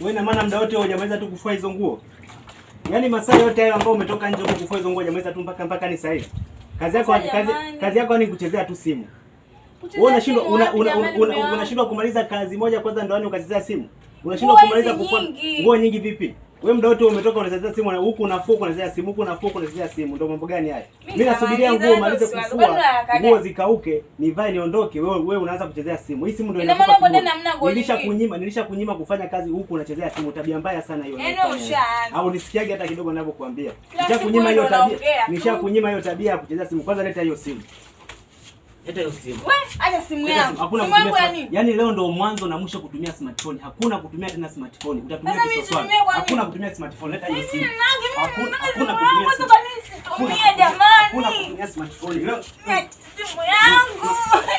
Wewe na maana muda wote hujamaliza tu kufua hizo nguo? Yaani masaa yote hayo ambayo umetoka nje huko kufua hizo nguo hujamaliza tu mpaka mpaka ni saa hii. Kazi yako kazi, kazi yako ni kuchezea tu simu. Wewe unashindwa unashindwa kumaliza kazi moja kwanza ndio ukachezea simu. Unashindwa kumaliza kufua nguo nyingi vipi? Wewe muda wote umetoka unachezea simu huku unafua unachezea simu huku unafua unachezea simu. Ndio mambo gani haya? Mimi nasubiria nguo malize kufua. Nguo zikauke, nivae niondoke. Wewe wewe unaanza kuchezea simu. Hii simu ndio inakupa. Nilisha kunyima, nilisha kunyima kufanya kazi huku unachezea simu. Tabia mbaya sana hiyo. Yaani Au nisikiage hata kidogo ninavyokuambia. Nisha kunyima hiyo tabia. Nisha kunyima hiyo tabia ya kuchezea simu. Kwanza leta hiyo simu. Leta hiyo simu. Wewe acha simu yangu. Hakuna simu yangu ya nini? Yaani leo ndio mwanzo na mwisho kutumia smartphone. Hakuna kutumia tena smartphone. Utatumia kwa kisosoa. Hakuna kutumia smartphone. Leta hiyo simu. Hakuna hakuna kutumia smartphone. Jamani. Hakuna kutumia smartphone. Leo simu yangu. Hm.